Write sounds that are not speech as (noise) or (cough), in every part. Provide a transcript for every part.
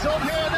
It's on here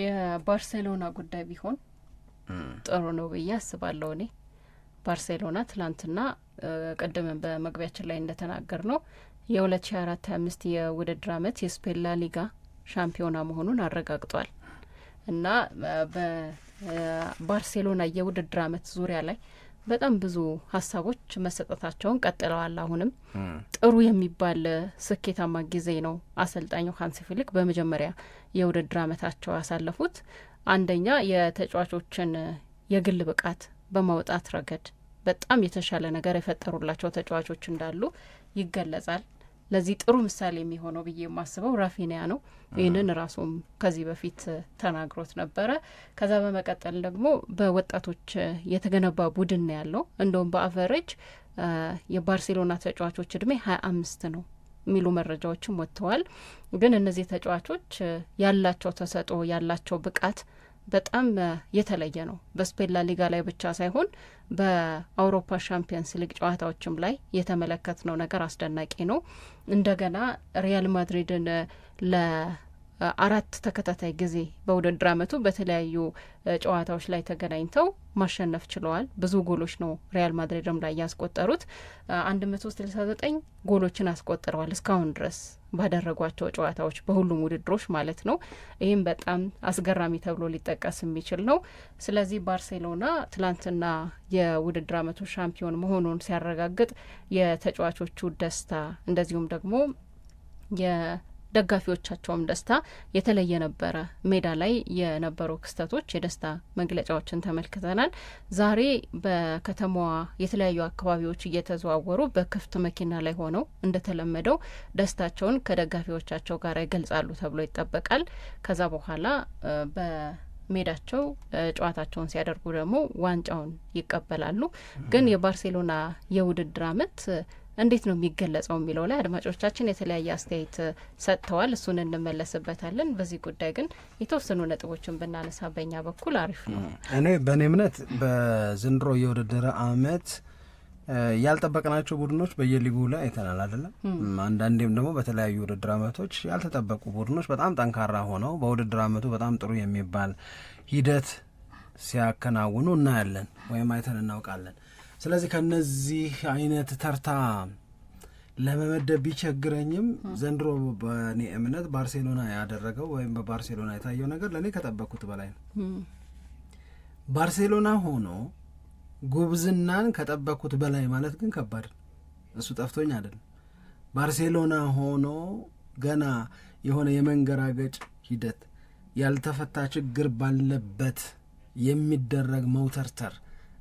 የባርሴሎና ጉዳይ ቢሆን ጥሩ ነው ብዬ አስባለሁ። እኔ ባርሴሎና ትላንትና ቅድምን በመግቢያችን ላይ እንደተናገር ነው የሁለት ሺ አራት ሀያ አምስት የውድድር አመት የስፔን ሊጋ ሻምፒዮና መሆኑን አረጋግጧል እና በባርሴሎና የውድድር አመት ዙሪያ ላይ በጣም ብዙ ሀሳቦች መሰጠታቸውን ቀጥለዋል። አሁንም ጥሩ የሚባል ስኬታማ ጊዜ ነው አሰልጣኙ ሀንሲ ፊሊክ በመጀመሪያ የውድድር አመታቸው ያሳለፉት። አንደኛ የተጫዋቾችን የግል ብቃት በማውጣት ረገድ በጣም የተሻለ ነገር የፈጠሩላቸው ተጫዋቾች እንዳሉ ይገለጻል። ለዚህ ጥሩ ምሳሌ የሚሆነው ብዬ የማስበው ራፊኒያ ነው። ይህንን ራሱም ከዚህ በፊት ተናግሮት ነበረ። ከዛ በመቀጠል ደግሞ በወጣቶች የተገነባ ቡድን ያለው እንደውም በአቨሬጅ የባርሴሎና ተጫዋቾች እድሜ ሀያ አምስት ነው የሚሉ መረጃዎችም ወጥተዋል። ግን እነዚህ ተጫዋቾች ያላቸው ተሰጥኦ ያላቸው ብቃት በጣም የተለየ ነው። በስፔን ላሊጋ ላይ ብቻ ሳይሆን በአውሮፓ ሻምፒየንስ ሊግ ጨዋታዎችም ላይ የተመለከትነው ነገር አስደናቂ ነው። እንደገና ሪያል ማድሪድን ለአራት ተከታታይ ጊዜ በውድድር አመቱ በተለያዩ ጨዋታዎች ላይ ተገናኝተው ማሸነፍ ችለዋል። ብዙ ጎሎች ነው ሪያል ማድሪድም ላይ ያስቆጠሩት። አንድ መቶ ስልሳ ዘጠኝ ጎሎችን አስቆጥረዋል እስካሁን ድረስ ባደረጓቸው ጨዋታዎች በሁሉም ውድድሮች ማለት ነው። ይህም በጣም አስገራሚ ተብሎ ሊጠቀስ የሚችል ነው። ስለዚህ ባርሴሎና ትላንትና የውድድር አመቱ ሻምፒዮን መሆኑን ሲያረጋግጥ የተጫዋቾቹ ደስታ እንደዚሁም ደግሞ ደጋፊዎቻቸውም ደስታ የተለየ ነበረ። ሜዳ ላይ የነበሩ ክስተቶች፣ የደስታ መግለጫዎችን ተመልክተናል። ዛሬ በከተማዋ የተለያዩ አካባቢዎች እየተዘዋወሩ በክፍት መኪና ላይ ሆነው እንደተለመደው ደስታቸውን ከደጋፊዎቻቸው ጋር ይገልጻሉ ተብሎ ይጠበቃል። ከዛ በኋላ በ ሜዳቸው ጨዋታቸውን ሲያደርጉ ደግሞ ዋንጫውን ይቀበላሉ። ግን የባርሴሎና የውድድር አመት እንዴት ነው የሚገለጸው የሚለው ላይ አድማጮቻችን የተለያየ አስተያየት ሰጥተዋል። እሱን እንመለስበታለን። በዚህ ጉዳይ ግን የተወሰኑ ነጥቦችን ብናነሳ በእኛ በኩል አሪፍ ነው። እኔ በእኔ እምነት በዘንድሮ የውድድር አመት ያልጠበቅናቸው ቡድኖች በየሊጉ ላይ አይተናል አይደለም። አንዳንዴም ደግሞ በተለያዩ ውድድር አመቶች ያልተጠበቁ ቡድኖች በጣም ጠንካራ ሆነው በውድድር አመቱ በጣም ጥሩ የሚባል ሂደት ሲያከናውኑ እናያለን ወይም አይተን እናውቃለን። ስለዚህ ከነዚህ አይነት ተርታ ለመመደብ ቢቸግረኝም ዘንድሮ በእኔ እምነት ባርሴሎና ያደረገው ወይም በባርሴሎና የታየው ነገር ለእኔ ከጠበቅኩት በላይ ነው። ባርሴሎና ሆኖ ጉብዝናን ከጠበቅኩት በላይ ማለት ግን ከባድ እሱ ጠፍቶኝ አይደለም። ባርሴሎና ሆኖ ገና የሆነ የመንገራገጭ ሂደት ያልተፈታ ችግር ባለበት የሚደረግ መውተርተር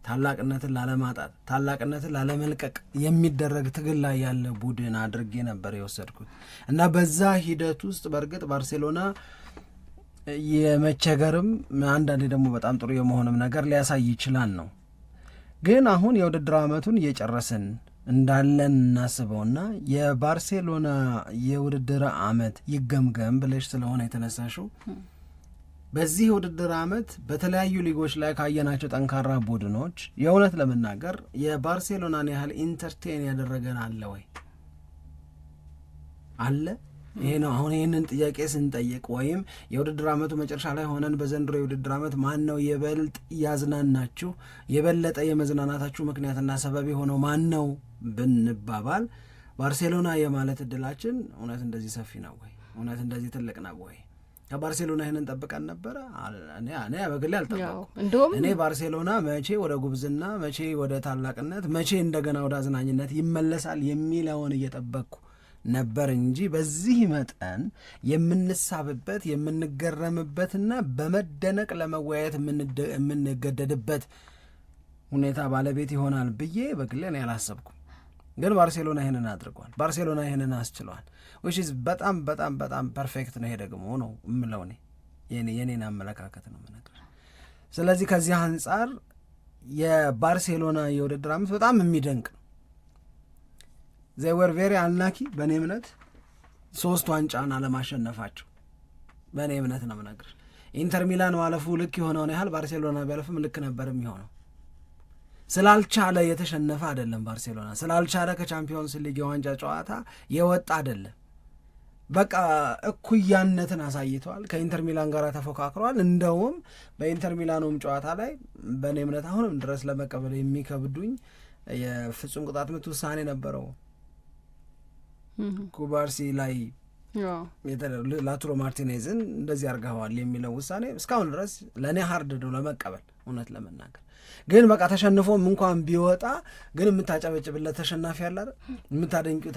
ታላቅነትን ላለማጣት ታላቅነትን ላለመልቀቅ የሚደረግ ትግል ላይ ያለ ቡድን አድርጌ ነበር የወሰድኩት እና በዛ ሂደት ውስጥ በእርግጥ ባርሴሎና የመቸገርም አንዳንዴ ደግሞ በጣም ጥሩ የመሆንም ነገር ሊያሳይ ይችላል ነው። ግን አሁን የውድድር ዓመቱን እየጨረስን እንዳለን እናስበውና የባርሴሎና የውድድር ዓመት ይገምገም ብለሽ ስለሆነ የተነሳሽው በዚህ የውድድር ዓመት በተለያዩ ሊጎች ላይ ካየናቸው ጠንካራ ቡድኖች የእውነት ለመናገር የባርሴሎናን ያህል ኢንተርቴን ያደረገን አለ ወይ? አለ ይሄ ነው አሁን ይህንን ጥያቄ ስንጠይቅ ወይም የውድድር ዓመቱ መጨረሻ ላይ ሆነን በዘንድሮ የውድድር ዓመት ማን ነው የበልጥ ያዝናናችሁ የበለጠ የመዝናናታችሁ ምክንያትና ሰበብ የሆነው ማን ነው ብንባባል ባርሴሎና የማለት እድላችን እውነት እንደዚህ ሰፊ ነው ወይ? እውነት እንደዚህ ትልቅ ነው ወይ? ከባርሴሎና ይህንን ጠብቀን ነበረ? እኔ በግሌ አልጠበኩም። እኔ ባርሴሎና መቼ ወደ ጉብዝና፣ መቼ ወደ ታላቅነት፣ መቼ እንደገና ወደ አዝናኝነት ይመለሳል የሚለውን እየጠበቅኩ ነበር እንጂ በዚህ መጠን የምንሳብበት የምንገረምበትና በመደነቅ ለመወያየት የምንገደድበት ሁኔታ ባለቤት ይሆናል ብዬ በግሌ እኔ አላሰብኩም። ግን ባርሴሎና ይህንን አድርጓል። ባርሴሎና ይህንን አስችሏል። ዊች በጣም በጣም በጣም ፐርፌክት ነው። ይሄ ደግሞ ነው የምለው እኔ የኔን አመለካከት ነው የምነግርህ። ስለዚህ ከዚህ አንጻር የባርሴሎና የውድድር አመት በጣም የሚደንቅ ነው። ዘይ ቬሪ አልናኪ በእኔ እምነት ሶስት ዋንጫን አለማሸነፋቸው በእኔ እምነት ነው የምነግርህ። ኢንተር ሚላን ማለፉ ልክ የሆነውን ያህል ባርሴሎና ቢያለፍም ልክ ነበር የሚሆነው ስላልቻለ የተሸነፈ አይደለም። ባርሴሎና ስላልቻለ ከቻምፒዮንስ ሊግ የዋንጫ ጨዋታ የወጣ አይደለም። በቃ እኩያነትን አሳይተዋል። ከኢንተር ሚላን ጋር ተፎካክረዋል። እንደውም በኢንተር ሚላኑም ጨዋታ ላይ በእኔ እምነት አሁንም ድረስ ለመቀበል የሚከብዱኝ የፍጹም ቅጣት ምት ውሳኔ ነበረው ኩባርሲ ላይ ላቱሮ ማርቲኔዝን እንደዚህ አርገዋል የሚለው ውሳኔ እስካሁን ድረስ ለእኔ ሀርድ ነው ለመቀበል እውነት ለመናገር ግን በቃ ተሸንፎም እንኳን ቢወጣ ግን የምታጨበጭብለት ተሸናፊ አለ የምታደንቂው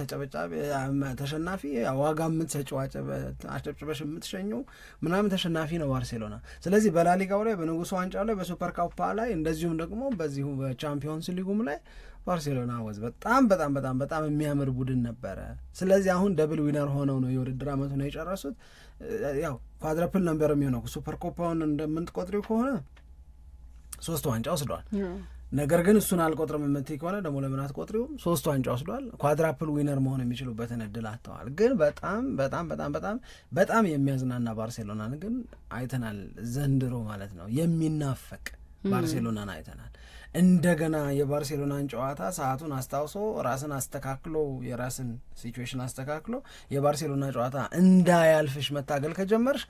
ተሸናፊ ዋጋ የምትሰጪው አጨብጭበሽ የምትሸኘው ምናምን ተሸናፊ ነው ባርሴሎና። ስለዚህ በላሊጋው ላይ በንጉሱ ዋንጫ ላይ በሱፐር ካፓ ላይ እንደዚሁም ደግሞ በዚሁ በቻምፒዮንስ ሊጉም ላይ ባርሴሎና ወዝ በጣም በጣም በጣም በጣም የሚያምር ቡድን ነበረ። ስለዚህ አሁን ደብል ዊነር ሆነው ነው የውድድር አመቱ ነው የጨረሱት። ያው ኳድረፕል ነበር የሚሆነው ሱፐር ኮፓውን እንደምትቆጥሪው ከሆነ ሶስት ዋንጫ ወስዷል። ነገር ግን እሱን አልቆጥርም የምትይ ከሆነ ደግሞ ለምን አትቆጥሪውም? ሶስት ዋንጫ ወስዷል። ኳድራፕል ዊነር መሆን የሚችሉበትን እድል አጥተዋል። ግን በጣም በጣም በጣም በጣም በጣም የሚያዝናና ባርሴሎናን ግን አይተናል ዘንድሮ ማለት ነው የሚናፈቅ ባርሴሎናን አይተናል። እንደገና የባርሴሎናን ጨዋታ ሰዓቱን አስታውሶ ራስን አስተካክሎ የራስን ሲቹዌሽን አስተካክሎ የባርሴሎና ጨዋታ እንዳያልፍሽ መታገል ከጀመርሽ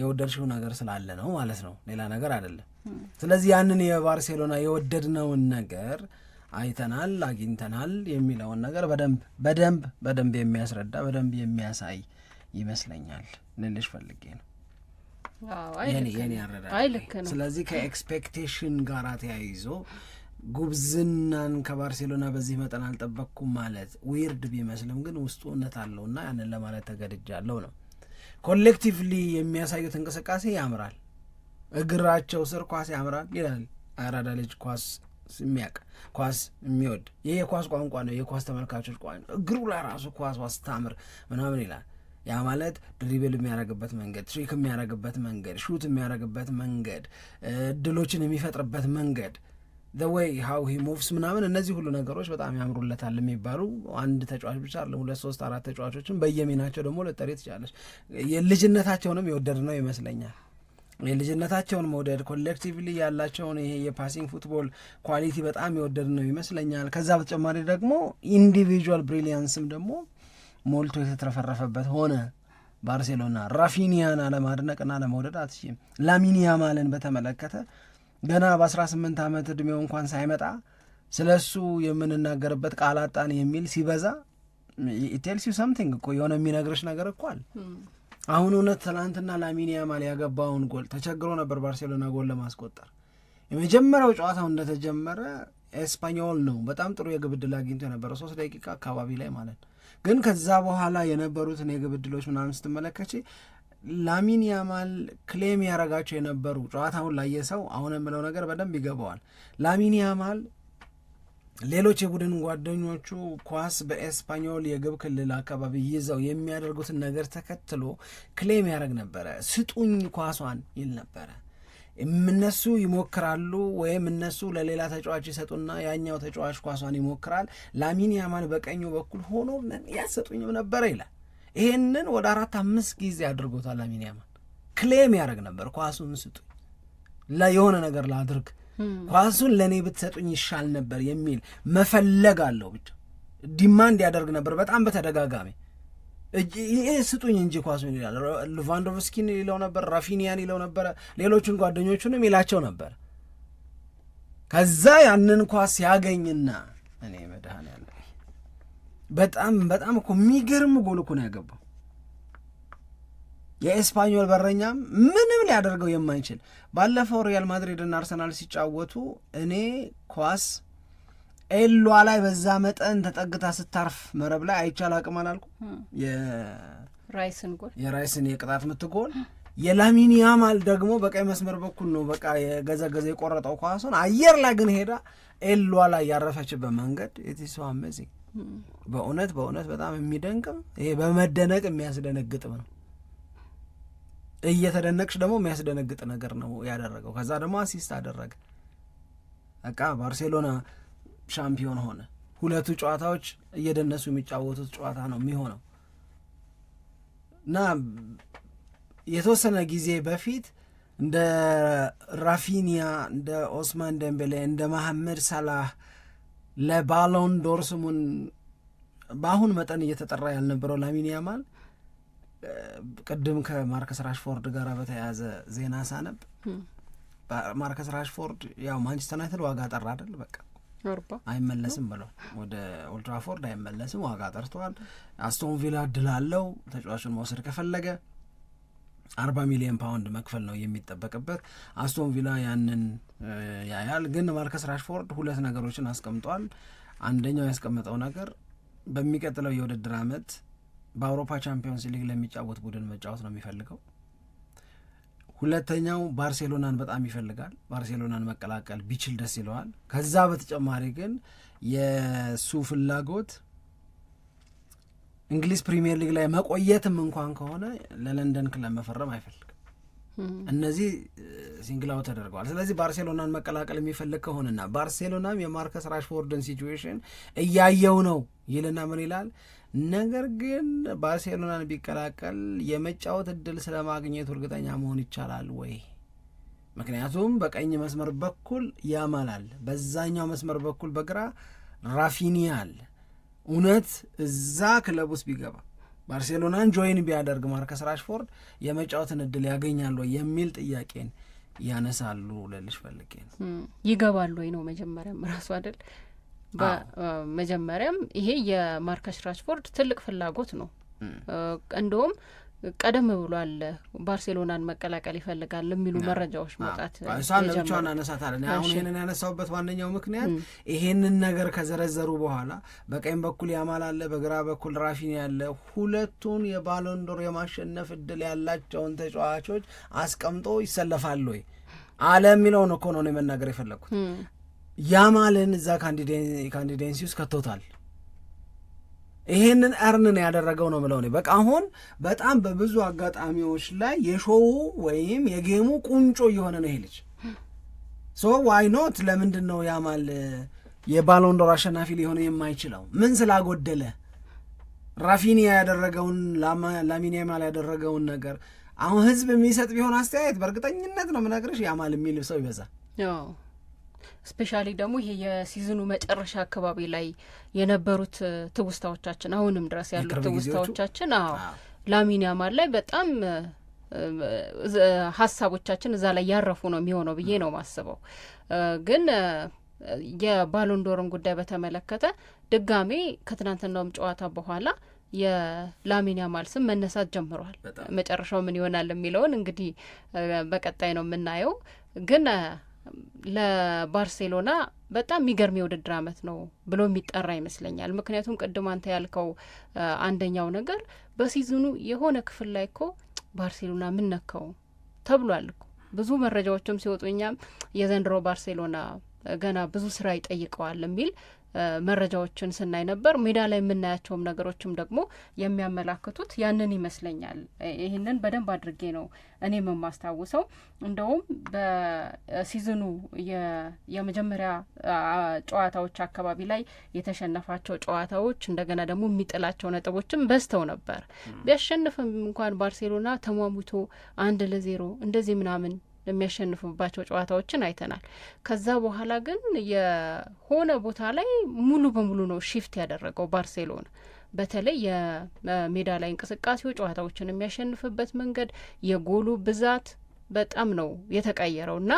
የወደድሽው ነገር ስላለ ነው ማለት ነው፣ ሌላ ነገር አይደለም። ስለዚህ ያንን የባርሴሎና የወደድነውን ነገር አይተናል፣ አግኝተናል የሚለውን ነገር በደንብ በደንብ በደንብ የሚያስረዳ በደንብ የሚያሳይ ይመስለኛል ልልሽ ፈልጌ ነው። አይ ልክ ስለዚህ ከኤክስፔክቴሽን ጋር ተያይዞ ጉብዝናን ከባርሴሎና በዚህ መጠን አልጠበቅኩም ማለት ዊርድ ቢመስልም ግን ውስጡ እውነት አለውና ያንን ለማለት ተገድጃለሁ ነው። ኮሌክቲቭሊ የሚያሳዩት እንቅስቃሴ ያምራል። እግራቸው ስር ኳስ ያምራል ይላል አራዳ ልጅ ኳስ የሚያውቅ ኳስ የሚወድ ይህ የኳስ ቋንቋ ነው፣ የኳስ ተመልካቾች ቋንቋ እግሩ ላይ ራሱ ኳስ ዋስታምር ምናምን ይላል ያ ማለት ድሪብል የሚያደርግበት መንገድ፣ ትሪክ የሚያደርግበት መንገድ፣ ሹት የሚያደርግበት መንገድ፣ እድሎችን የሚፈጥርበት መንገድ ወይ ሀው ሂ ሙቭስ ምናምን እነዚህ ሁሉ ነገሮች በጣም ያምሩለታል የሚባሉ አንድ ተጫዋች ብቻ አለ ሁለት ሶስት አራት ተጫዋቾችን በየሚናቸው ደግሞ ልጠሪ ትችላለች። የልጅነታቸውንም የወደድ ነው ይመስለኛል። የልጅነታቸውን መውደድ ኮሌክቲቭሊ ያላቸውን ይሄ የፓሲንግ ፉትቦል ኳሊቲ በጣም የወደድ ነው ይመስለኛል። ከዛ በተጨማሪ ደግሞ ኢንዲቪዥዋል ብሪሊያንስም ደግሞ ሞልቶ የተትረፈረፈበት ሆነ። ባርሴሎና ራፊኒያን አለማድነቅና አለመውደድ አትችም። ላሚን ያማልን በተመለከተ ገና በ18 ዓመት ዕድሜው እንኳን ሳይመጣ ስለ እሱ የምንናገርበት ቃል አጣን የሚል ሲበዛ ቴልስ ዩ ሰምቲንግ እኮ የሆነ የሚነግርሽ ነገር እኳል አሁን እውነት ትናንትና ላሚን ያማል ያገባውን ጎል ተቸግሮ ነበር ባርሴሎና ጎል ለማስቆጠር። የመጀመሪያው ጨዋታው እንደተጀመረ ኤስፓኞል ነው በጣም ጥሩ የግብ ዕድል አግኝቶ የነበረው ሶስት ደቂቃ አካባቢ ላይ ማለት ነው ግን ከዛ በኋላ የነበሩትን የግብ ዕድሎች ምናምን ስትመለከች ላሚን ያማል ክሌም ያረጋቸው የነበሩ ጨዋታውን ላየ ሰው አሁን የምለው ነገር በደንብ ይገባዋል። ላሚን ያማል ሌሎች የቡድን ጓደኞቹ ኳስ በኤስፓኞል የግብ ክልል አካባቢ ይዘው የሚያደርጉትን ነገር ተከትሎ ክሌም ያደረግ ነበረ። ስጡኝ ኳሷን ይል ነበረ። እነሱ ይሞክራሉ ወይም እነሱ ለሌላ ተጫዋች ይሰጡና ያኛው ተጫዋች ኳሷን ይሞክራል። ላሚን ያማል በቀኙ በኩል ሆኖ ያሰጡኝም ነበረ ይላል። ይሄንን ወደ አራት አምስት ጊዜ አድርጎታል። ላሚን ያማል ክሌም ያደርግ ነበር ኳሱን ስጡ የሆነ ነገር ላድርግ hmm. ኳሱን ለእኔ ብትሰጡኝ ይሻል ነበር የሚል መፈለግ አለው ብቻ ዲማንድ ያደርግ ነበር በጣም በተደጋጋሚ ስጡኝ እንጂ ምን ይላል። ሉቫንዶቭስኪን ይለው ነበር፣ ራፊኒያን ይለው ነበረ፣ ሌሎቹን ጓደኞቹንም ይላቸው ነበር። ከዛ ያንን ኳስ ያገኝና እኔ መድሃን ያለ በጣም በጣም እኮ የሚገርም ጎል እኮ ነው ያገባው። የኤስፓኞል በረኛ ምንም ሊያደርገው የማይችል ባለፈው ሪያል ማድሪድና አርሰናል ሲጫወቱ እኔ ኳስ ኤሏ ላይ በዛ መጠን ተጠግታ ስታርፍ መረብ ላይ አይቻል አቅም አላልኩ የራይስን ጎል የራይስን የቅጣት ምትጎል የላሚን ያማል ደግሞ በቀይ መስመር በኩል ነው በቃ የገዘገዘ የቆረጠው ኳሱን አየር ላይ ግን ሄዳ ኤሏ ላይ ያረፈችበት መንገድ የቲሶ አሜዚንግ በእውነት በእውነት በጣም የሚደንቅም ይሄ በመደነቅ የሚያስደነግጥም ነው። እየተደነቅሽ ደግሞ የሚያስደነግጥ ነገር ነው ያደረገው። ከዛ ደግሞ አሲስት አደረገ በቃ ባርሴሎና ሻምፒዮን ሆነ። ሁለቱ ጨዋታዎች እየደነሱ የሚጫወቱት ጨዋታ ነው የሚሆነው እና የተወሰነ ጊዜ በፊት እንደ ራፊኒያ እንደ ኦስማን ደምቤሌ እንደ መሐመድ ሰላህ ለባሎን ዶር ስሙን በአሁን መጠን እየተጠራ ያልነበረው ላሚን ያማል ቅድም ከማርከስ ራሽፎርድ ጋር በተያያዘ ዜና ሳነብ ማርከስ ራሽፎርድ ያው ማንቸስተር ዩናይትድ ዋጋ ጠራ አይደል በቃ አይመለስም ብለው ወደ ኦልትራፎርድ አይመለስም፣ ዋጋ ጠርተዋል። አስቶን ቪላ እድል አለው ተጫዋቹን መውሰድ ከፈለገ አርባ ሚሊዮን ፓውንድ መክፈል ነው የሚጠበቅበት። አስቶን ቪላ ያንን ያያል። ግን ማርከስ ራሽፎርድ ሁለት ነገሮችን አስቀምጧል። አንደኛው ያስቀመጠው ነገር በሚቀጥለው የውድድር አመት በአውሮፓ ቻምፒዮንስ ሊግ ለሚጫወት ቡድን መጫወት ነው የሚፈልገው ሁለተኛው ባርሴሎናን በጣም ይፈልጋል። ባርሴሎናን መቀላቀል ቢችል ደስ ይለዋል። ከዛ በተጨማሪ ግን የእሱ ፍላጎት እንግሊዝ ፕሪሚየር ሊግ ላይ መቆየትም እንኳን ከሆነ ለለንደን ክለብ መፈረም አይፈልግም። እነዚህ ሲንግላው ተደርገዋል። ስለዚህ ባርሴሎናን መቀላቀል የሚፈልግ ከሆነና ባርሴሎናም የማርከስ ራሽፎርድን ሲቹዌሽን እያየው ነው ይልና ምን ይላል ነገር ግን ባርሴሎናን ቢቀላቀል የመጫወት እድል ስለማግኘቱ እርግጠኛ መሆን ይቻላል ወይ? ምክንያቱም በቀኝ መስመር በኩል ያማላል፣ በዛኛው መስመር በኩል በግራ ራፊኒያ አለ። እውነት እዛ ክለብ ውስጥ ቢገባ ባርሴሎናን ጆይን ቢያደርግ ማርከስ ራሽፎርድ የመጫወትን እድል ያገኛል ወይ የሚል ጥያቄን ያነሳሉ ልልሽ ፈልጌ ነው። ይገባሉ ወይ ነው መጀመሪያም ራሱ አይደል በመጀመሪያም ይሄ የማርከስ ራሽፎርድ ትልቅ ፍላጎት ነው። እንደውም ቀደም ብሏል ባርሴሎናን መቀላቀል ይፈልጋል የሚሉ መረጃዎች መውጣት እሷን ብቻዋን አነሳታለን። አሁን ይህንን ያነሳውበት ዋነኛው ምክንያት ይሄንን ነገር ከዘረዘሩ በኋላ በቀኝ በኩል ያማል አለ፣ በግራ በኩል ራፊን ያለ ሁለቱን የባሎንዶር የማሸነፍ እድል ያላቸውን ተጫዋቾች አስቀምጦ ይሰለፋሉ ወይ አለ የሚለውን እኮ ነው የመናገር የፈለግኩት። ያ ማለን እዛ ካንዲዴንሲ ውስጥ ከቶታል። ይሄንን እርንን ያደረገው ነው ምለው። በቃ አሁን በጣም በብዙ አጋጣሚዎች ላይ የሾው ወይም የጌሙ ቁንጮ እየሆነ ነው ይሄ ልጅ። ሶ ዋይ ኖት ለምንድን ነው ያማል የባሎንዶር አሸናፊ ሊሆነ የማይችለው? ምን ስላጎደለ? ራፊኒያ ያደረገውን ላሚን ያማል ያደረገውን ነገር አሁን ህዝብ የሚሰጥ ቢሆን አስተያየት በእርግጠኝነት ነው ምነግርሽ ያማል የሚል ሰው ይበዛል። ስፔሻሊ ደግሞ ይሄ የሲዝኑ መጨረሻ አካባቢ ላይ የነበሩት ትውስታዎቻችን አሁንም ድረስ ያሉት ትውስታዎቻችን አዎ ላሚን ያማል ላይ በጣም ሀሳቦቻችን እዛ ላይ ያረፉ ነው የሚሆነው ብዬ ነው ማስበው። ግን የባሎንዶርን ጉዳይ በተመለከተ ድጋሜ ከትናንትናውም ጨዋታ በኋላ የላሚን ያማል ስም መነሳት ጀምሯል። መጨረሻው ምን ይሆናል የሚለውን እንግዲህ በቀጣይ ነው የምናየው ግን ለባርሴሎና በጣም የሚገርም የውድድር አመት ነው ብሎ የሚጠራ ይመስለኛል። ምክንያቱም ቅድም አንተ ያልከው አንደኛው ነገር በሲዝኑ የሆነ ክፍል ላይ እኮ ባርሴሎና ምን ነካው ተብሏል እኮ ብዙ መረጃዎችም ሲወጡ እኛም የዘንድሮ ባርሴሎና ገና ብዙ ስራ ይጠይቀዋል የሚል መረጃዎችን ስናይ ነበር። ሜዳ ላይ የምናያቸውም ነገሮችም ደግሞ የሚያመላክቱት ያንን ይመስለኛል። ይህንን በደንብ አድርጌ ነው እኔም የማስታውሰው። እንደውም በሲዝኑ የመጀመሪያ ጨዋታዎች አካባቢ ላይ የተሸነፋቸው ጨዋታዎች እንደገና ደግሞ የሚጥላቸው ነጥቦችም በዝተው ነበር። ቢያሸንፍም እንኳን ባርሴሎና ተሟሙቶ አንድ ለዜሮ እንደዚህ ምናምን የሚያሸንፉባቸው ጨዋታዎችን አይተናል። ከዛ በኋላ ግን የሆነ ቦታ ላይ ሙሉ በሙሉ ነው ሺፍት ያደረገው ባርሴሎና። በተለይ የሜዳ ላይ እንቅስቃሴው ጨዋታዎችን የሚያሸንፍበት መንገድ፣ የጎሉ ብዛት በጣም ነው የተቀየረው እና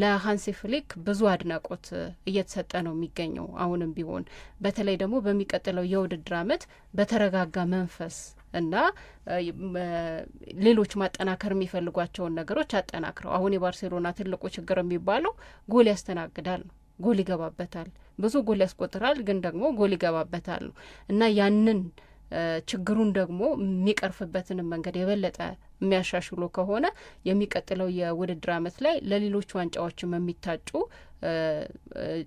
ለሀንሲ ፍሊክ ብዙ አድናቆት እየተሰጠ ነው የሚገኘው። አሁንም ቢሆን በተለይ ደግሞ በሚቀጥለው የውድድር አመት በተረጋጋ መንፈስ እና ሌሎች ማጠናከር የሚፈልጓቸውን ነገሮች አጠናክረው አሁን የባርሴሎና ትልቁ ችግር የሚባለው ጎል ያስተናግዳል ነው ጎል ይገባበታል ብዙ ጎል ያስቆጥራል ግን ደግሞ ጎል ይገባበታል ነው እና ያንን ችግሩን ደግሞ የሚቀርፍበትንም መንገድ የበለጠ የሚያሻሽሎ ከሆነ የሚቀጥለው የውድድር ዓመት ላይ ለሌሎች ዋንጫዎችም የሚታጩ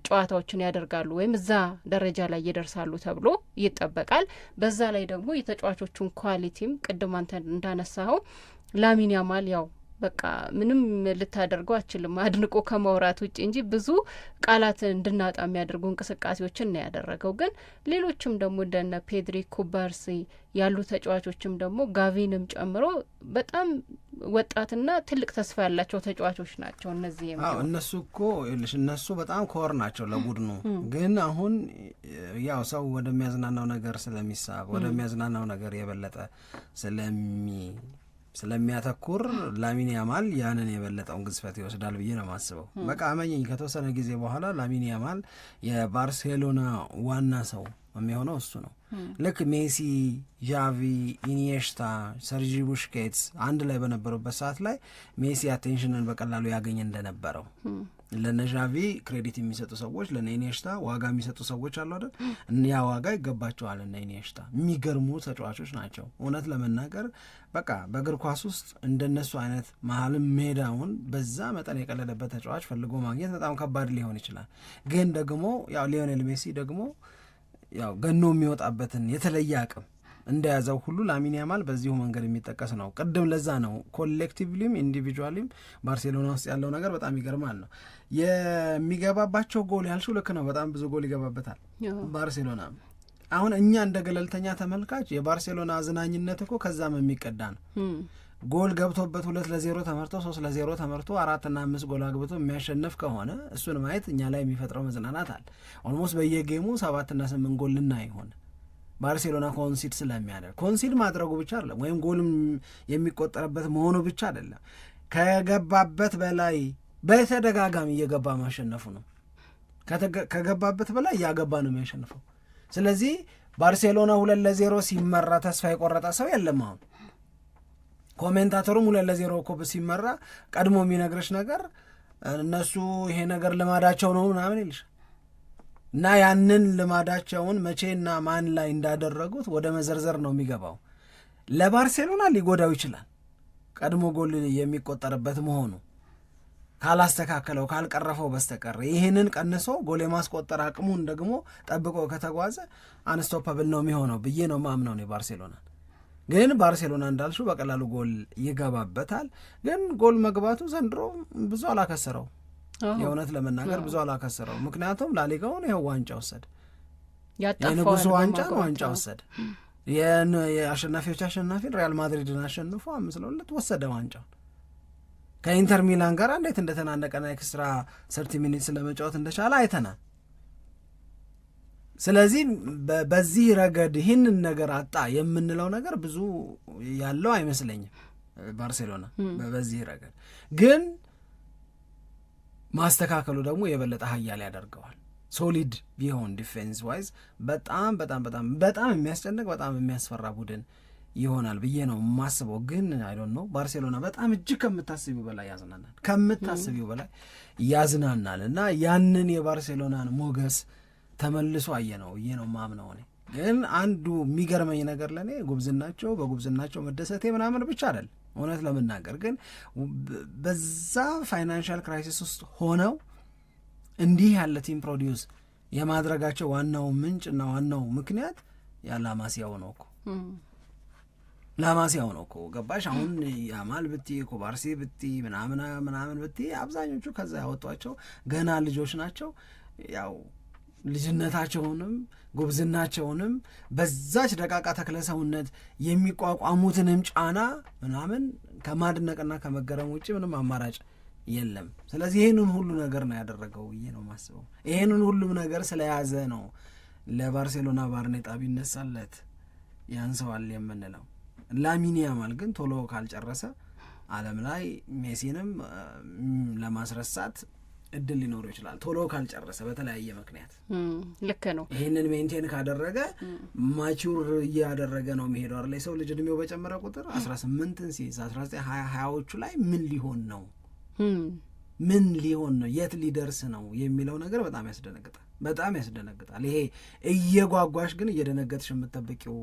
ጨዋታዎችን ያደርጋሉ ወይም እዛ ደረጃ ላይ ይደርሳሉ ተብሎ ይጠበቃል። በዛ ላይ ደግሞ የተጫዋቾቹን ኳሊቲም ቅድም አንተ እንዳነሳኸው ላሚን ያማል ያው በቃ ምንም ልታደርገው አችልም አድንቆ ከማውራት ውጭ እንጂ ብዙ ቃላት እንድናጣ የሚያደርጉ እንቅስቃሴዎችን ነው ያደረገው። ግን ሌሎችም ደግሞ እንደነ ፔድሪ ኩባርሲ ያሉ ተጫዋቾችም ደግሞ ጋቪንም ጨምሮ በጣም ወጣትና ትልቅ ተስፋ ያላቸው ተጫዋቾች ናቸው። እነዚህ እነሱ እኮ እነሱ በጣም ኮር ናቸው ለቡድኑ። ግን አሁን ያው ሰው ወደሚያዝናናው ነገር ስለሚሳብ ወደሚያዝናናው ነገር የበለጠ ስለሚ ስለሚያተኩር ላሚን ያማል ያንን የበለጠውን ግዝፈት ይወስዳል ብዬ ነው የማስበው። በቃ አመኘኝ ከተወሰነ ጊዜ በኋላ ላሚን ያማል የባርሴሎና ዋና ሰው የሚሆነው እሱ ነው። ልክ ሜሲ፣ ዣቪ፣ ኢኒየሽታ፣ ሰርጂ ቡሽኬትስ አንድ ላይ በነበሩበት ሰዓት ላይ ሜሲ አቴንሽንን በቀላሉ ያገኘ እንደነበረው ለነ ዣቪ ክሬዲት የሚሰጡ ሰዎች ለነ ኢኒየሽታ ዋጋ የሚሰጡ ሰዎች አሉ አይደል? ያ ዋጋ ይገባቸዋል። እነ ኢኒየሽታ የሚገርሙ ተጫዋቾች ናቸው። እውነት ለመናገር በቃ በእግር ኳስ ውስጥ እንደነሱ አይነት መሀልም ሜዳውን በዛ መጠን የቀለለበት ተጫዋች ፈልጎ ማግኘት በጣም ከባድ ሊሆን ይችላል። ግን ደግሞ ያው ሊዮኔል ሜሲ ደግሞ ያው ገኖ የሚወጣበትን የተለየ አቅም እንደያዘው ሁሉ ላሚን ያማል በዚሁ መንገድ የሚጠቀስ ነው። ቅድም ለዛ ነው ኮሌክቲቭሊም ኢንዲቪጁዋሊም ባርሴሎና ውስጥ ያለው ነገር በጣም ይገርማል ነው የሚገባባቸው ጎል ያልሽው ልክ ነው። በጣም ብዙ ጎል ይገባበታል ባርሴሎና። አሁን እኛ እንደ ገለልተኛ ተመልካች የባርሴሎና አዝናኝነት እኮ ከዛም የሚቀዳ ነው። ጎል ገብቶበት ሁለት ለዜሮ ተመርቶ ሶስት ለዜሮ ተመርቶ አራትና አምስት ጎል አግብቶ የሚያሸንፍ ከሆነ እሱን ማየት እኛ ላይ የሚፈጥረው መዝናናት አለ። ኦልሞስት በየጌሙ ሰባትና ስምንት ጎል ልና ይሆን ባርሴሎና ኮንሲድ ስለሚያደርግ ኮንሲድ ማድረጉ ብቻ አይደለም ወይም ጎልም የሚቆጠርበት መሆኑ ብቻ አይደለም፣ ከገባበት በላይ በተደጋጋሚ እየገባ ማሸነፉ ነው። ከገባበት በላይ እያገባ ነው የሚያሸንፈው። ስለዚህ ባርሴሎና ሁለት ለዜሮ ሲመራ ተስፋ የቆረጠ ሰው የለም አሁን ኮሜንታተሩም ሁለት ለዜሮ ኮብ ሲመራ ቀድሞ የሚነግረሽ ነገር እነሱ ይሄ ነገር ልማዳቸው ነው ምናምን ይልሽ እና ያንን ልማዳቸውን መቼና ማን ላይ እንዳደረጉት ወደ መዘርዘር ነው የሚገባው። ለባርሴሎና ሊጎዳው ይችላል ቀድሞ ጎል የሚቆጠርበት መሆኑ ካላስተካከለው ካልቀረፈው በስተቀር ይህንን ቀንሶ ጎል የማስቆጠር አቅሙን ደግሞ ጠብቆ ከተጓዘ አንስቶፐብል ነው የሚሆነው ብዬ ነው ማምነው ነው የባርሴሎና ግን ባርሴሎና እንዳልሹ በቀላሉ ጎል ይገባበታል። ግን ጎል መግባቱ ዘንድሮ ብዙ አላከሰረው፣ የእውነት ለመናገር ብዙ አላከሰረው። ምክንያቱም ላሊጋውን ይኸው ዋንጫ ወሰድ፣ የንጉሱ ዋንጫ ዋንጫ ወሰድ፣ የአሸናፊዎች አሸናፊን ሪያል ማድሪድን አሸንፎ አምስት ለሁለት ወሰደ ዋንጫውን ከኢንተር ሚላን ጋር እንዴት እንደተናነቀና ኤክስትራ ሰርቲ ሚኒትስ ለመጫወት እንደቻለ አይተናል። ስለዚህ በዚህ ረገድ ይህንን ነገር አጣ የምንለው ነገር ብዙ ያለው አይመስለኝም። ባርሴሎና በዚህ ረገድ ግን ማስተካከሉ ደግሞ የበለጠ ሀያል ያደርገዋል። ሶሊድ ቢሆን ዲፌንስ ዋይዝ በጣም በጣም በጣም በጣም የሚያስጨንቅ በጣም የሚያስፈራ ቡድን ይሆናል ብዬ ነው የማስበው። ግን አይዶን ነው ባርሴሎና በጣም እጅግ ከምታስቢው በላይ ያዝናናል፣ ከምታስቢው በላይ ያዝናናል እና ያንን የባርሴሎናን ሞገስ ተመልሶ አየ ነው ይ ነው ማምነው። እኔ ግን አንዱ የሚገርመኝ ነገር ለእኔ ጉብዝናቸው በጉብዝናቸው መደሰቴ ምናምን ብቻ አይደል እውነት ለመናገር ግን በዛ ፋይናንሻል ክራይሲስ ውስጥ ሆነው እንዲህ ያለ ቲም ፕሮዲውስ የማድረጋቸው ዋናው ምንጭ እና ዋናው ምክንያት ያ ላማሲያው ነው እኮ ላማሲያው ነው እኮ ገባሽ? አሁን ያማል ብቲ ኩባርሲ ብቲ ምናምን ምናምን ብቲ አብዛኞቹ ከዛ ያወጧቸው ገና ልጆች ናቸው ያው ልጅነታቸውንም ጉብዝናቸውንም በዛች ደቃቃ ተክለ ሰውነት የሚቋቋሙትንም ጫና ምናምን ከማድነቅና ከመገረም ውጭ ምንም አማራጭ የለም። ስለዚህ ይህንን ሁሉ ነገር ነው ያደረገው ብዬ ነው ማስበው። ይህንን ሁሉም ነገር ስለያዘ ነው ለባርሴሎና ባርኔጣ ቢነሳለት ያንሰዋል የምንለው። ላሚን ያማል ግን ቶሎ ካልጨረሰ ዓለም ላይ ሜሲንም ለማስረሳት እድል ሊኖረው ይችላል። ቶሎ ካልጨረሰ በተለያየ ምክንያት ልክ ነው። ይህንን ሜንቴን ካደረገ ማቹር እያደረገ ነው የሚሄደው አለ። የሰው ልጅ እድሜው በጨመረ ቁጥር አስራ ስምንትን ሲይዝ አስራ ዘጠኝ ሀያ ሀያዎቹ ላይ ምን ሊሆን ነው ምን ሊሆን ነው የት ሊደርስ ነው የሚለው ነገር በጣም ያስደነግጣል። በጣም ያስደነግጣል። ይሄ እየጓጓሽ ግን እየደነገጥሽ የምጠብቂው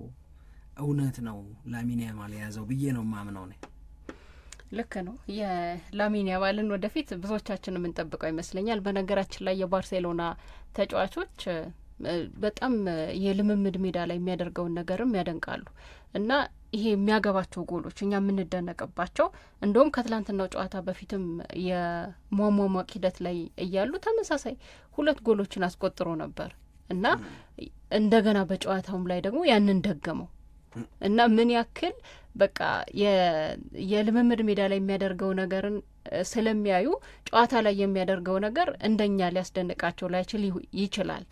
እውነት ነው ላሚን ያማል የያዘው ብዬ ነው ማምነው ነ ልክ ነው። የላሚን ያማልን ወደፊት ብዙዎቻችን የምንጠብቀው ይመስለኛል። በነገራችን ላይ የባርሴሎና ተጫዋቾች በጣም የልምምድ ሜዳ ላይ የሚያደርገውን ነገርም ያደንቃሉ እና ይሄ የሚያገባቸው ጎሎች እኛ የምንደነቅባቸው እንደውም ከትላንትናው ጨዋታ በፊትም የሟሟሟቅ ሂደት ላይ እያሉ ተመሳሳይ ሁለት ጎሎችን አስቆጥሮ ነበር እና እንደገና በጨዋታውም ላይ ደግሞ ያንን ደገመው እና ምን ያክል በቃ የልምምድ ሜዳ ላይ የሚያደርገው ነገርን ስለሚያዩ ጨዋታ ላይ የሚያደርገው ነገር እንደኛ ሊያስደንቃቸው ላይችል ይችላል።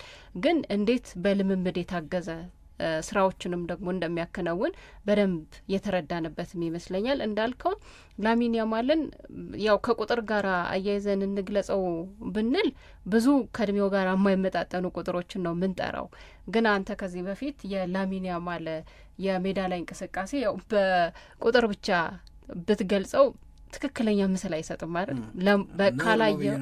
ግን እንዴት በልምምድ የታገዘ ስራዎችንም ደግሞ እንደሚያከናውን በደንብ የተረዳንበትም ይመስለኛል። እንዳልከው ላሚን ያማልን ያው ከቁጥር ጋር አያይዘን እንግለጸው ብንል ብዙ ከእድሜው ጋር የማይመጣጠኑ ቁጥሮችን ነው ምንጠራው ግን አንተ ከዚህ በፊት የላሚን ያማል የሜዳ ላይ እንቅስቃሴ ያው በቁጥር ብቻ ብትገልጸው ትክክለኛ ምስል አይሰጥም ማለት ካላየ (laughs)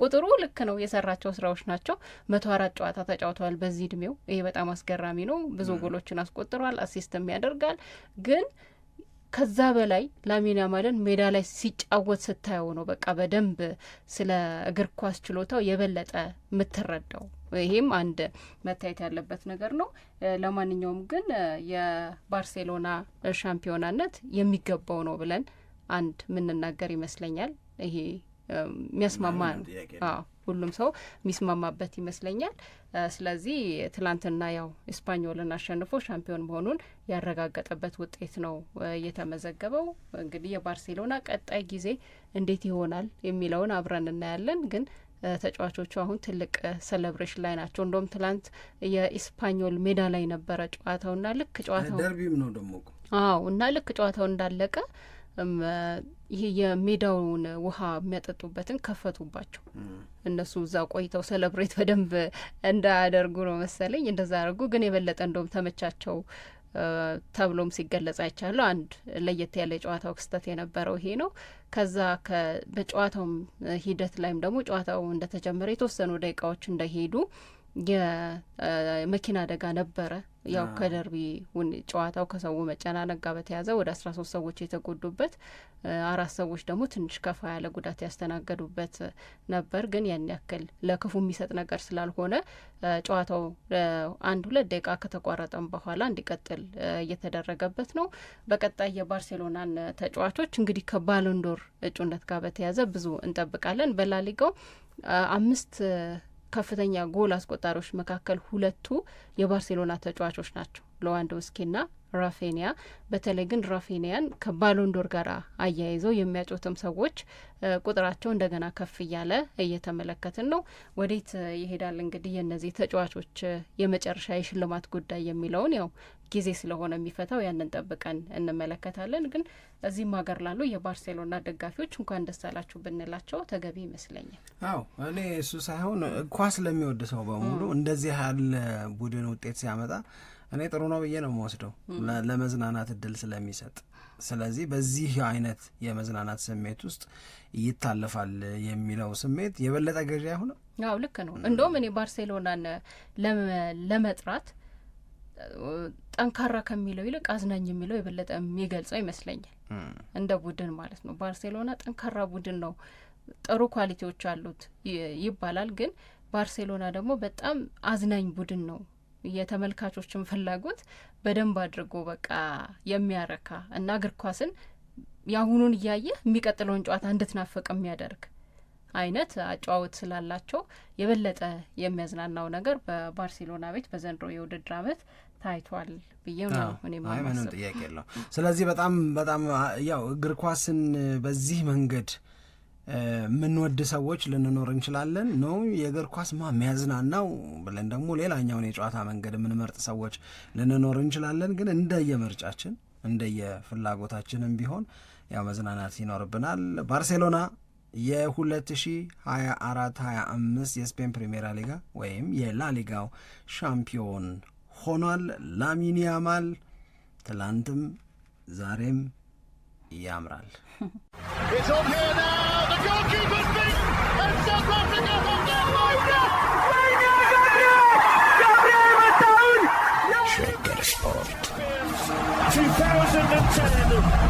ቁጥሩ ልክ ነው። የሰራቸው ስራዎች ናቸው። መቶ አራት ጨዋታ ተጫውተዋል በዚህ እድሜው። ይሄ በጣም አስገራሚ ነው። ብዙ ጎሎችን አስቆጥሯል፣ አሲስትም ያደርጋል። ግን ከዛ በላይ ላሚን ያማልን ሜዳ ላይ ሲጫወት ስታየው ነው በቃ በደንብ ስለ እግር ኳስ ችሎታው የበለጠ የምትረዳው። ይሄም አንድ መታየት ያለበት ነገር ነው። ለማንኛውም ግን የባርሴሎና ሻምፒዮናነት የሚገባው ነው ብለን አንድ የምንናገር ይመስለኛል። ይሄ የሚያስማማ ሁሉም ሰው የሚስማማበት ይመስለኛል። ስለዚህ ትላንትና ያው ስፓኞልን አሸንፎ ሻምፒዮን መሆኑን ያረጋገጠበት ውጤት ነው የተመዘገበው። እንግዲህ የባርሴሎና ቀጣይ ጊዜ እንዴት ይሆናል የሚለውን አብረን እናያለን ግን ተጫዋቾቹ አሁን ትልቅ ሴሌብሬሽን ላይ ናቸው። እንደውም ትላንት የኢስፓኞል ሜዳ ላይ ነበረ ጨዋታውና ልክ ጨዋታው ደርቢም ነው ደሞ አዎ እና ልክ ጨዋታው እንዳለቀ ይህ የሜዳውን ውሃ የሚያጠጡበትን ከፈቱባቸው። እነሱ እዛ ቆይተው ሴሌብሬት በደንብ እንዳያደርጉ ነው መሰለኝ እንደዛ አድርጉ፣ ግን የበለጠ እንደውም ተመቻቸው ተብሎም ሲገለጽ አይቻለሁ። አንድ ለየት ያለ የጨዋታው ክስተት የነበረው ይሄ ነው። ከዛ በጨዋታውም ሂደት ላይም ደግሞ ጨዋታው እንደተጀመረ የተወሰኑ ደቂቃዎች እንደሄዱ የመኪና አደጋ ነበረ። ያው ከደርቢ ጨዋታው ከሰው መጨናነቅ ጋር በተያዘ ወደ አስራ ሶስት ሰዎች የተጎዱበት አራት ሰዎች ደግሞ ትንሽ ከፋ ያለ ጉዳት ያስተናገዱበት ነበር። ግን ያን ያክል ለክፉ የሚሰጥ ነገር ስላልሆነ ጨዋታው አንድ ሁለት ደቂቃ ከተቋረጠም በኋላ እንዲቀጥል እየተደረገበት ነው። በቀጣይ የባርሴሎናን ተጫዋቾች እንግዲህ ከባሎንዶር እጩነት ጋር በተያዘ ብዙ እንጠብቃለን። በላሊጋው አምስት ከፍተኛ ጎል አስቆጣሪዎች መካከል ሁለቱ የባርሴሎና ተጫዋቾች ናቸው ሌዋንዶውስኪና ራፌኒያ በተለይ ግን ራፌኒያን ከባሎንዶር ጋር አያይዘው የሚያጮትም ሰዎች ቁጥራቸው እንደገና ከፍ እያለ እየተመለከትን ነው። ወዴት ይሄዳል እንግዲህ የእነዚህ ተጫዋቾች የመጨረሻ የሽልማት ጉዳይ የሚለውን ያው ጊዜ ስለሆነ የሚፈታው ያንን ጠብቀን እንመለከታለን። ግን እዚህም ሀገር ላሉ የባርሴሎና ደጋፊዎች እንኳን ደስ አላችሁ ብንላቸው ተገቢ ይመስለኛል። አዎ እኔ እሱ ሳይሆን ኳስ ለሚወድ ሰው በሙሉ እንደዚህ ያለ ቡድን ውጤት ሲያመጣ እኔ ጥሩ ነው ብዬ ነው የምወስደው ለመዝናናት እድል ስለሚሰጥ። ስለዚህ በዚህ አይነት የመዝናናት ስሜት ውስጥ ይታለፋል የሚለው ስሜት የበለጠ ገዢ አይሆንም። አዎ ልክ ነው። እንደውም እኔ ባርሴሎናን ለመጥራት ጠንካራ ከሚለው ይልቅ አዝናኝ የሚለው የበለጠ የሚገልጸው ይመስለኛል፣ እንደ ቡድን ማለት ነው። ባርሴሎና ጠንካራ ቡድን ነው፣ ጥሩ ኳሊቲዎች አሉት ይባላል። ግን ባርሴሎና ደግሞ በጣም አዝናኝ ቡድን ነው የተመልካቾችን ፍላጎት በደንብ አድርጎ በቃ የሚያረካ እና እግር ኳስን የአሁኑን እያየ የሚቀጥለውን ጨዋታ እንድትናፈቅ የሚያደርግ አይነት አጨዋወት ስላላቸው የበለጠ የሚያዝናናው ነገር በባርሴሎና ቤት በዘንድሮ የውድድር ዓመት ታይቷል ብዬ ነው ምንም ጥያቄ የለው። ስለዚህ በጣም በጣም ያው እግር ኳስን በዚህ መንገድ የምንወድ ሰዎች ልንኖር እንችላለን ኖ የእግር ኳስ ማ የሚያዝናናው ብለን ደግሞ ሌላኛውን የጨዋታ መንገድ የምንመርጥ ሰዎች ልንኖር እንችላለን። ግን እንደየምርጫችን እንደየፍላጎታችንም ቢሆን ያው መዝናናት ይኖርብናል። ባርሴሎና የ2024 25 የስፔን ፕሪሜራ ሊጋ ወይም የላሊጋው ሻምፒዮን ሆኗል። ላሚን ያማል ትላንትም ዛሬም ያምራል። (laughs) Schwedensport. 2010.